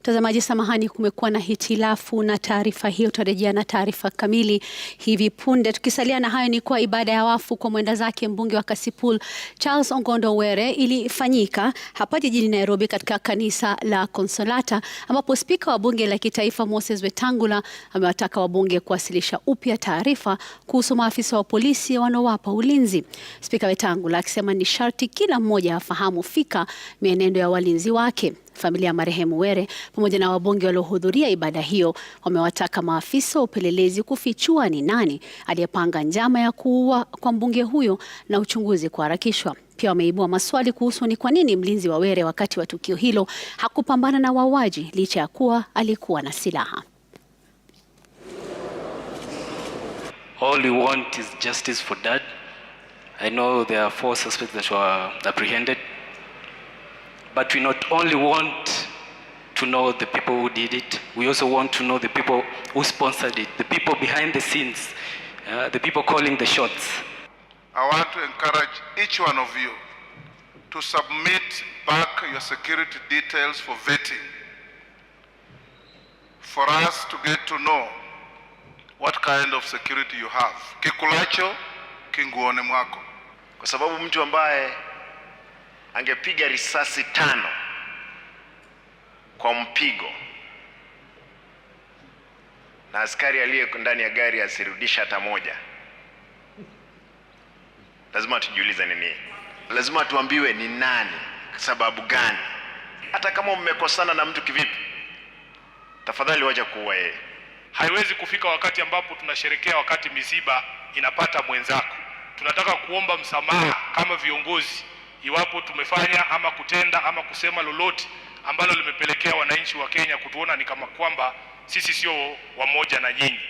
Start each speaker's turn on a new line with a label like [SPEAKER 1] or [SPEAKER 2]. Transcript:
[SPEAKER 1] Mtazamaji samahani, kumekuwa na hitilafu na taarifa hiyo. Tutarejea na taarifa kamili hivi punde. Tukisalia na hayo, ni kuwa ibada ya wafu kwa mwenda zake mbunge wa Kasipul Charles Ongondo Were ilifanyika hapa jijini Nairobi katika kanisa la Konsolata, ambapo spika wa bunge la kitaifa Moses Wetangula amewataka wabunge kuwasilisha upya taarifa kuhusu maafisa wa polisi wanaowapa ulinzi. Spika Wetangula akisema ni sharti kila mmoja afahamu fika mienendo ya walinzi wake. Familia ya marehemu Were pamoja na wabunge waliohudhuria ibada hiyo wamewataka maafisa wa upelelezi kufichua ni nani aliyepanga njama ya kuua kwa mbunge huyo na uchunguzi kuharakishwa. Pia wameibua maswali kuhusu ni kwa nini mlinzi wa Were wakati wa tukio hilo hakupambana na wauaji licha ya kuwa alikuwa na silaha.
[SPEAKER 2] All we want is justice for dad. I know there are four suspects that were apprehended. But we not only want to know the people who did it, we also want to know the people who sponsored it, the people behind the scenes, uh, the people calling the shots.
[SPEAKER 3] I want to encourage each one of you to submit back your security details for vetting, for us to get to know what kind of security you have. Kikulacho kinguone mwako.
[SPEAKER 4] Kwa sababu mtu ambaye angepiga risasi tano kwa mpigo, na askari aliye ndani ya gari asirudisha hata moja. Lazima tujiulize nini, lazima tuambiwe ni nani, sababu gani. Hata kama mmekosana na mtu kivipi, tafadhali waja kuua yeye.
[SPEAKER 5] Haiwezi kufika wakati ambapo tunasherekea wakati misiba inapata mwenzako. Tunataka kuomba msamaha kama viongozi iwapo tumefanya ama kutenda ama kusema lolote ambalo limepelekea wananchi wa Kenya kutuona ni kama kwamba sisi sio wamoja na nyinyi.